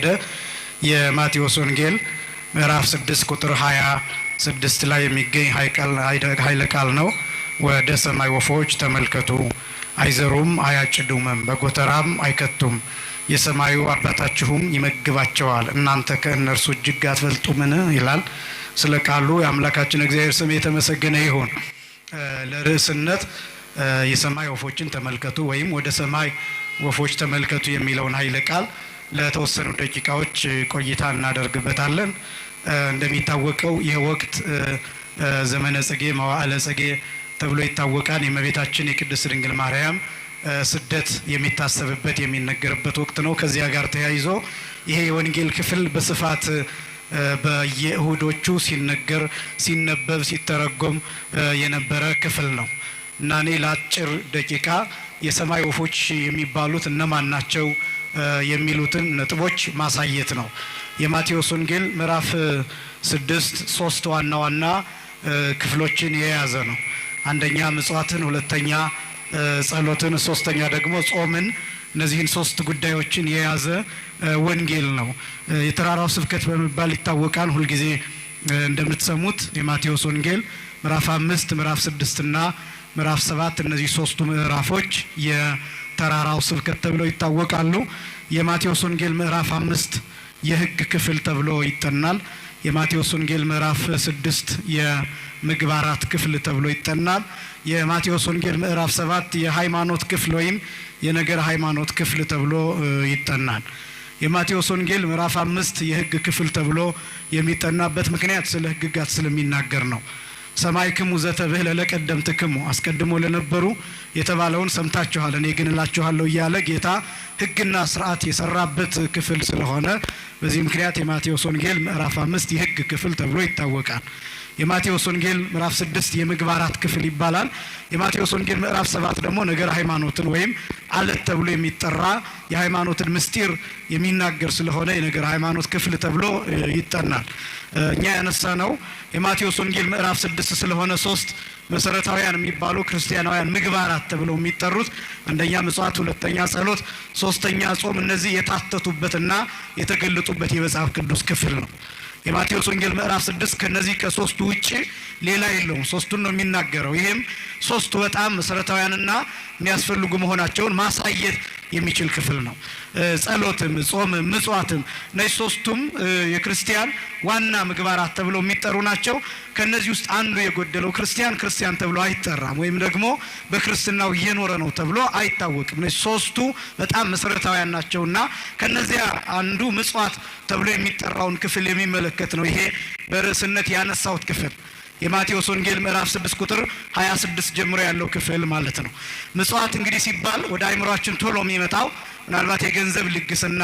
ሄደ የማቴዎስ ወንጌል ምዕራፍ 6 ቁጥር 26 ስድስት ላይ የሚገኝ ኃይለ ቃል ነው። ወደ ሰማይ ወፎች ተመልከቱ፣ አይዘሩም አያጭዱምም፣ በጎተራም አይከቱም፣ የሰማዩ አባታችሁም ይመግባቸዋል። እናንተ ከእነርሱ እጅግ አትበልጡምን? ይላል። ስለ ቃሉ የአምላካችን እግዚአብሔር ስም የተመሰገነ ይሁን። ለርዕስነት የሰማይ ወፎችን ተመልከቱ ወይም ወደ ሰማይ ወፎች ተመልከቱ የሚለውን ኃይለ ቃል ለተወሰኑ ደቂቃዎች ቆይታ እናደርግበታለን። እንደሚታወቀው ይህ ወቅት ዘመነ ጽጌ መዋዕለ ጽጌ ተብሎ ይታወቃል። የእመቤታችን የቅድስት ድንግል ማርያም ስደት የሚታሰብበት የሚነገርበት ወቅት ነው። ከዚያ ጋር ተያይዞ ይሄ የወንጌል ክፍል በስፋት በየእሁዶቹ ሲነገር፣ ሲነበብ፣ ሲተረጎም የነበረ ክፍል ነው እና እኔ ለአጭር ደቂቃ የሰማይ ወፎች የሚባሉት እነማን ናቸው የሚሉትን ነጥቦች ማሳየት ነው። የማቴዎስ ወንጌል ምዕራፍ ስድስት ሶስት ዋና ዋና ክፍሎችን የያዘ ነው። አንደኛ ምጽዋትን፣ ሁለተኛ ጸሎትን፣ ሶስተኛ ደግሞ ጾምን። እነዚህን ሶስት ጉዳዮችን የያዘ ወንጌል ነው። የተራራው ስብከት በመባል ይታወቃል። ሁልጊዜ እንደምትሰሙት የማቴዎስ ወንጌል ምዕራፍ አምስት ምዕራፍ ስድስትና ምዕራፍ ሰባት እነዚህ ሶስቱ ምዕራፎች ተራራው ስብከት ተብለው ይታወቃሉ። የማቴዎስ ወንጌል ምዕራፍ አምስት የህግ ክፍል ተብሎ ይጠናል። የማቴዎስ ወንጌል ምዕራፍ ስድስት የምግባራት ክፍል ተብሎ ይጠናል። የማቴዎስ ወንጌል ምዕራፍ ሰባት የሃይማኖት ክፍል ወይም የነገር ሃይማኖት ክፍል ተብሎ ይጠናል። የማቴዎስ ወንጌል ምዕራፍ አምስት የህግ ክፍል ተብሎ የሚጠናበት ምክንያት ስለ ህግጋት ስለሚናገር ነው። ሰማይ ክሙ ዘተብህለ ለቀደምት ክሙ አስቀድሞ ለነበሩ የተባለውን ሰምታችኋል፣ እኔ ግን እላችኋለሁ እያለ ጌታ ሕግና ስርዓት የሰራበት ክፍል ስለሆነ በዚህ ምክንያት የማቴዎስ ወንጌል ምዕራፍ አምስት የሕግ ክፍል ተብሎ ይታወቃል። የማቴዎስ ወንጌል ምዕራፍ ስድስት የምግባራት ክፍል ይባላል። የማቴዎስ ወንጌል ምዕራፍ ሰባት ደግሞ ነገር ሃይማኖትን ወይም አለት ተብሎ የሚጠራ የሃይማኖትን ምስጢር የሚናገር ስለሆነ የነገር ሃይማኖት ክፍል ተብሎ ይጠናል። እኛ ያነሳ ነው የማቴዎስ ወንጌል ምዕራፍ ስድስት ስለሆነ ሶስት መሰረታውያን የሚባሉ ክርስቲያናውያን ምግባራት ተብለው የሚጠሩት አንደኛ ምጽዋት፣ ሁለተኛ ጸሎት፣ ሶስተኛ ጾም እነዚህ የታተቱበትና የተገለጡበት የመጽሐፍ ቅዱስ ክፍል ነው። የማቴዎስ ወንጌል ምዕራፍ ስድስት ከነዚህ ከሶስቱ ውጭ ሌላ የለውም። ሶስቱን ነው የሚናገረው። ይህም ሶስቱ በጣም መሰረታዊያንና የሚያስፈልጉ መሆናቸውን ማሳየት የሚችል ክፍል ነው። ጸሎትም፣ ጾምም፣ ምጽዋትም እነዚህ ሶስቱም የክርስቲያን ዋና ምግባራት ተብለው የሚጠሩ ናቸው። ከነዚህ ውስጥ አንዱ የጎደለው ክርስቲያን ክርስቲያን ተብሎ አይጠራም፣ ወይም ደግሞ በክርስትናው እየኖረ ነው ተብሎ አይታወቅም። እነዚህ ሶስቱ በጣም መሰረታዊያን ናቸውና ከነዚያ አንዱ ምጽዋት ተብሎ የሚጠራውን ክፍል የሚመለከት ነው። ይሄ በርዕስነት ያነሳሁት ክፍል የማቴዎስ ወንጌል ምዕራፍ 6 ቁጥር 26 ጀምሮ ያለው ክፍል ማለት ነው። ምጽዋት እንግዲህ ሲባል ወደ አይምሯችን ቶሎ የሚመጣው ምናልባት የገንዘብ ልግስና፣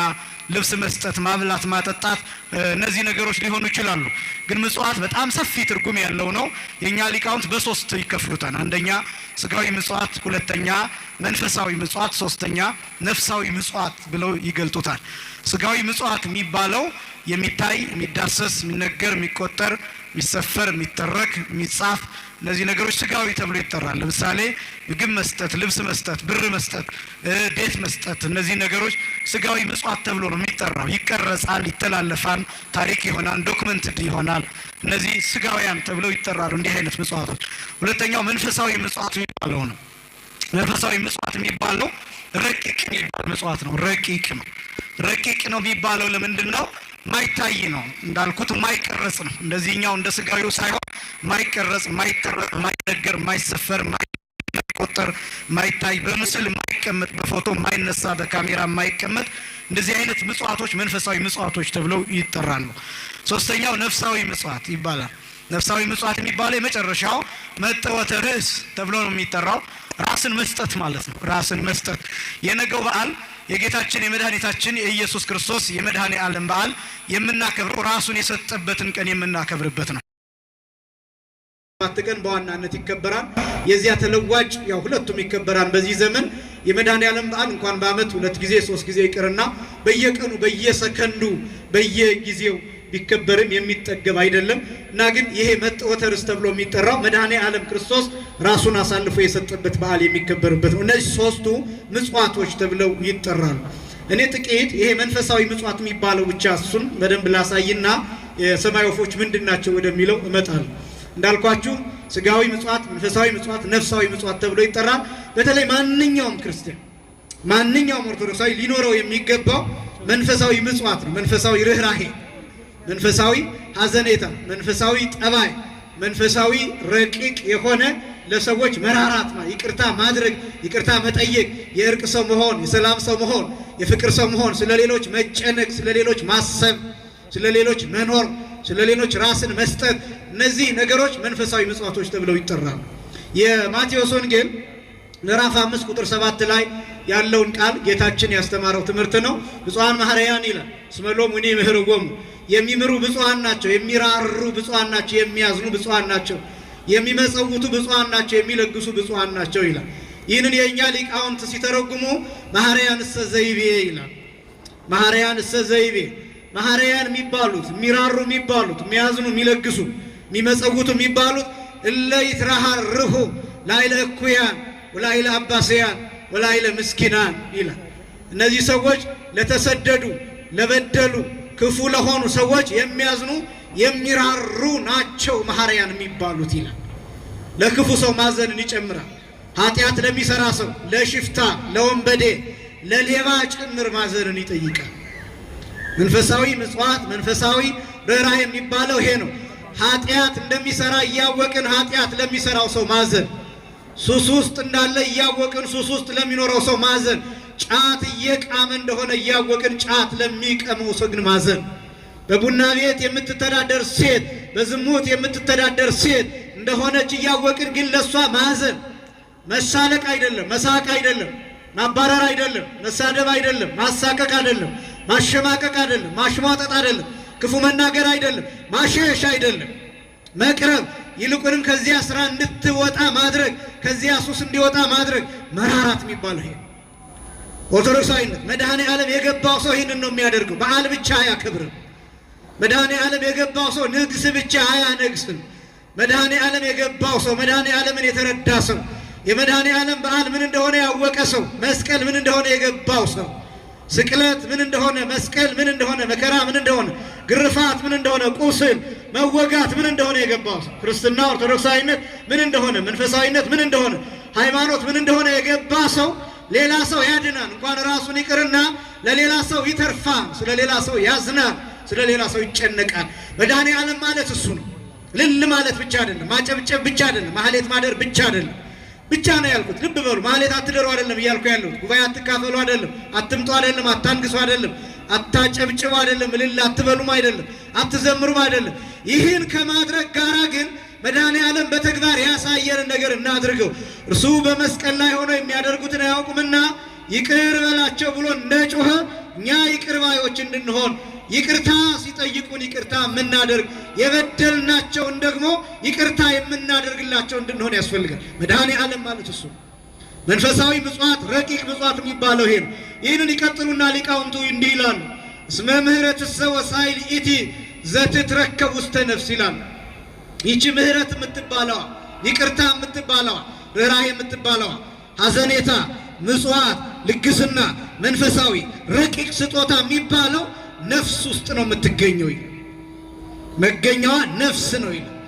ልብስ መስጠት፣ ማብላት፣ ማጠጣት እነዚህ ነገሮች ሊሆኑ ይችላሉ። ግን ምጽዋት በጣም ሰፊ ትርጉም ያለው ነው። የእኛ ሊቃውንት በሶስት ይከፍሉታል። አንደኛ ስጋዊ ምጽዋት፣ ሁለተኛ መንፈሳዊ ምጽዋት፣ ሶስተኛ ነፍሳዊ ምጽዋት ብለው ይገልጡታል። ስጋዊ ምጽዋት የሚባለው የሚታይ የሚዳሰስ፣ የሚነገር፣ የሚቆጠር የሚሰፈር የሚተረክ የሚጻፍ እነዚህ ነገሮች ስጋዊ ተብሎ ይጠራል። ለምሳሌ ምግብ መስጠት፣ ልብስ መስጠት፣ ብር መስጠት፣ ቤት መስጠት፣ እነዚህ ነገሮች ስጋዊ ምጽዋት ተብሎ ነው የሚጠራው። ይቀረጻል፣ ይተላለፋል፣ ታሪክ ይሆናል፣ ዶክመንት ይሆናል። እነዚህ ስጋውያን ተብለው ይጠራሉ። እንዲህ አይነት ምጽዋቶች። ሁለተኛው መንፈሳዊ ምጽዋት የሚባለው ነው። መንፈሳዊ ምጽዋት የሚባለው ረቂቅ የሚባል ምጽዋት ነው። ረቂቅ ነው። ረቂቅ ነው የሚባለው ለምንድን ነው? ማይታይ ነው እንዳልኩት ማይቀረጽ ነው። እንደዚህኛው እንደ ስጋዩ ሳይሆን ማይቀረጽ፣ ማይተረቅ፣ ማይነገር፣ ማይሰፈር፣ ማይቆጠር፣ ማይታይ፣ በምስል ማይቀመጥ፣ በፎቶ ማይነሳ፣ በካሜራ ማይቀመጥ እንደዚህ አይነት ምጽዋቶች መንፈሳዊ ምጽዋቶች ተብለው ይጠራሉ። ሶስተኛው ነፍሳዊ ምጽዋት ይባላል። ነፍሳዊ ምጽዋት የሚባለው የመጨረሻው መጠወተ ርዕስ ተብሎ ነው የሚጠራው። ራስን መስጠት ማለት ነው። ራስን መስጠት የነገው በዓል የጌታችን የመድኃኒታችን የኢየሱስ ክርስቶስ የመድኃኔ ዓለም በዓል የምናከብረው ራሱን የሰጠበትን ቀን የምናከብርበት ነው። ሰባት ቀን በዋናነት ይከበራል። የዚያ ተለዋጭ ያው ሁለቱም ይከበራል። በዚህ ዘመን የመድኃኔ ዓለም በዓል እንኳን በዓመት ሁለት ጊዜ ሶስት ጊዜ ይቅርና በየቀኑ በየሰከንዱ በየጊዜው ቢከበርም የሚጠገብ አይደለም እና ግን ይሄ መጠወተርስ ተብሎ የሚጠራው መድኃኔ ዓለም ክርስቶስ ራሱን አሳልፎ የሰጠበት በዓል የሚከበርበት ነው። እነዚህ ሶስቱ ምጽዋቶች ተብለው ይጠራሉ። እኔ ጥቂት ይሄ መንፈሳዊ ምጽዋት የሚባለው ብቻ እሱን በደንብ ላሳይና የሰማይ ወፎች ምንድን ናቸው ወደሚለው እመጣል። እንዳልኳችሁ ስጋዊ ምጽዋት፣ መንፈሳዊ ምጽዋት፣ ነፍሳዊ ምጽዋት ተብሎ ይጠራል። በተለይ ማንኛውም ክርስቲያን ማንኛውም ኦርቶዶክሳዊ ሊኖረው የሚገባው መንፈሳዊ ምጽዋት ነው። መንፈሳዊ ርኅራሄ መንፈሳዊ ሐዘኔታ፣ መንፈሳዊ ጠባይ፣ መንፈሳዊ ረቂቅ የሆነ ለሰዎች መራራት፣ ይቅርታ ማድረግ፣ ይቅርታ መጠየቅ፣ የእርቅ ሰው መሆን፣ የሰላም ሰው መሆን፣ የፍቅር ሰው መሆን፣ ስለ ሌሎች መጨነቅ፣ ስለ ሌሎች ማሰብ፣ ስለ ሌሎች መኖር፣ ስለ ሌሎች ራስን መስጠት፣ እነዚህ ነገሮች መንፈሳዊ ምጽዋቶች ተብለው ይጠራሉ። የማቴዎስ ወንጌል ምዕራፍ አምስት ቁጥር ሰባት ላይ ያለውን ቃል ጌታችን ያስተማረው ትምህርት ነው። ብፁዓን ማህረያን ይላል ስመሎም ሎሙ ምህርዎሙ የሚምሩ ብፁዓን ናቸው፣ የሚራሩ ብፁዓን ናቸው፣ የሚያዝኑ ብፁዓን ናቸው፣ የሚመጸውቱ ብፁዓን ናቸው፣ የሚለግሱ ብፁዓን ናቸው ይላል። ይህንን የእኛ ሊቃውንት ሲተረጉሙ ማህርያን እሰ ዘይቤ ይላል። ማህርያን እሰ ዘይቤ ማህርያን የሚባሉት የሚራሩ የሚባሉት የሚያዝኑ የሚለግሱ የሚመጸውቱ የሚባሉት እለ ይትራሃርሁ ላይለ እኩያን ወላይለ አባስያን ወላይለ ምስኪናን ይላል። እነዚህ ሰዎች ለተሰደዱ ለበደሉ ክፉ ለሆኑ ሰዎች የሚያዝኑ የሚራሩ ናቸው መሐሪያን የሚባሉት ይላል። ለክፉ ሰው ማዘንን ይጨምራል። ኃጢአት ለሚሰራ ሰው፣ ለሽፍታ፣ ለወንበዴ፣ ለሌባ ጭምር ማዘንን ይጠይቃል። መንፈሳዊ ምጽዋት፣ መንፈሳዊ ርኅራኄ የሚባለው ይሄ ነው። ኃጢአት እንደሚሰራ እያወቅን ኃጢአት ለሚሰራው ሰው ማዘን፣ ሱስ ውስጥ እንዳለ እያወቅን ሱስ ውስጥ ለሚኖረው ሰው ማዘን ጫት እየቃመ እንደሆነ እያወቅን ጫት ለሚቀመው ሰው ግን ማዘን፣ በቡና ቤት የምትተዳደር ሴት፣ በዝሙት የምትተዳደር ሴት እንደሆነች እያወቅን ግን ለእሷ ማዘን መሳለቅ አይደለም፣ መሳቅ አይደለም፣ ማባረር አይደለም፣ መሳደብ አይደለም፣ ማሳቀቅ አይደለም፣ ማሸማቀቅ አይደለም፣ ማሽሟጠጥ አይደለም፣ ክፉ መናገር አይደለም፣ ማሸሽ አይደለም፣ መቅረብ ይልቁንም ከዚያ ስራ እንድትወጣ ማድረግ፣ ከዚያ ሱስ እንዲወጣ ማድረግ መራራት የሚባለው ይሄ ኦርቶዶክሳዊነት መድኃኔ ዓለም የገባው ሰው ይህንን ነው የሚያደርገው። በዓል ብቻ አያከብርም። መድኃኔ ዓለም የገባው ሰው ንግስ ብቻ አያነግስም። መድኃኔ ዓለም የገባው ሰው መድኃኔ ዓለምን የተረዳ ሰው የመድኃኔ ዓለም በዓል ምን እንደሆነ ያወቀ ሰው መስቀል ምን እንደሆነ የገባው ሰው ስቅለት ምን እንደሆነ መስቀል ምን እንደሆነ መከራ ምን እንደሆነ ግርፋት ምን እንደሆነ ቁስል መወጋት ምን እንደሆነ የገባው ሰው ክርስትና ኦርቶዶክሳዊነት ምን እንደሆነ መንፈሳዊነት ምን እንደሆነ ሃይማኖት ምን እንደሆነ የገባ ሰው ሌላ ሰው ያድናል። እንኳን ራሱን ይቅርና ለሌላ ሰው ይተርፋ ስለ ሌላ ሰው ያዝናን ስለ ሌላ ሰው ይጨነቃል። መድኃኔ ዓለም ማለት እሱ ነው። ልል ማለት ብቻ አይደለም፣ ማጨብጨብ ብቻ አይደለም፣ ማህሌት ማደር ብቻ አይደለም። ብቻ ነው ያልኩት። ልብ በሉ። ማህሌት አትደሩ አይደለም እያልኩ ያለሁት። ጉባኤ አትካፈሉ አይደለም፣ አትምጡ አይደለም፣ አታንግሱ አይደለም፣ አታጨብጭቡ አይደለም፣ ልል አትበሉም አይደለም፣ አትዘምሩም አይደለም። ይህን ከማድረግ ጋራ ግን መድኃኔ ዓለም በተግባር ያሳየንን ነገር እናድርገው። እርሱ በመስቀል ላይ ሆነው የሚያደርጉትን አያውቁምና ይቅር በላቸው ብሎ እንደጮኸ እኛ ይቅር ባዮች እንድንሆን ይቅርታ ሲጠይቁን ይቅርታ የምናደርግ የበደልናቸውን ደግሞ ይቅርታ የምናደርግላቸው እንድንሆን ያስፈልጋል። መድኃኔ ዓለም ማለት እሱ መንፈሳዊ ምጽዋት፣ ረቂቅ ምጽዋት የሚባለው ይሄ ነው። ይህንን ይቀጥሉና ሊቃውንቱ እንዲህ ይላሉ፣ እስመ ምህረት ሰወ ሳይል ኢቲ ዘትትረከብ ውስተ ነፍስ ይላል። ይቺ ምህረት የምትባለዋ ይቅርታ የምትባለዋ ርኅራኄ የምትባለዋ ሐዘኔታ፣ ምጽዋት፣ ልግስና፣ መንፈሳዊ ረቂቅ ስጦታ የሚባለው ነፍስ ውስጥ ነው የምትገኘው። መገኛዋ ነፍስ ነው ይላል።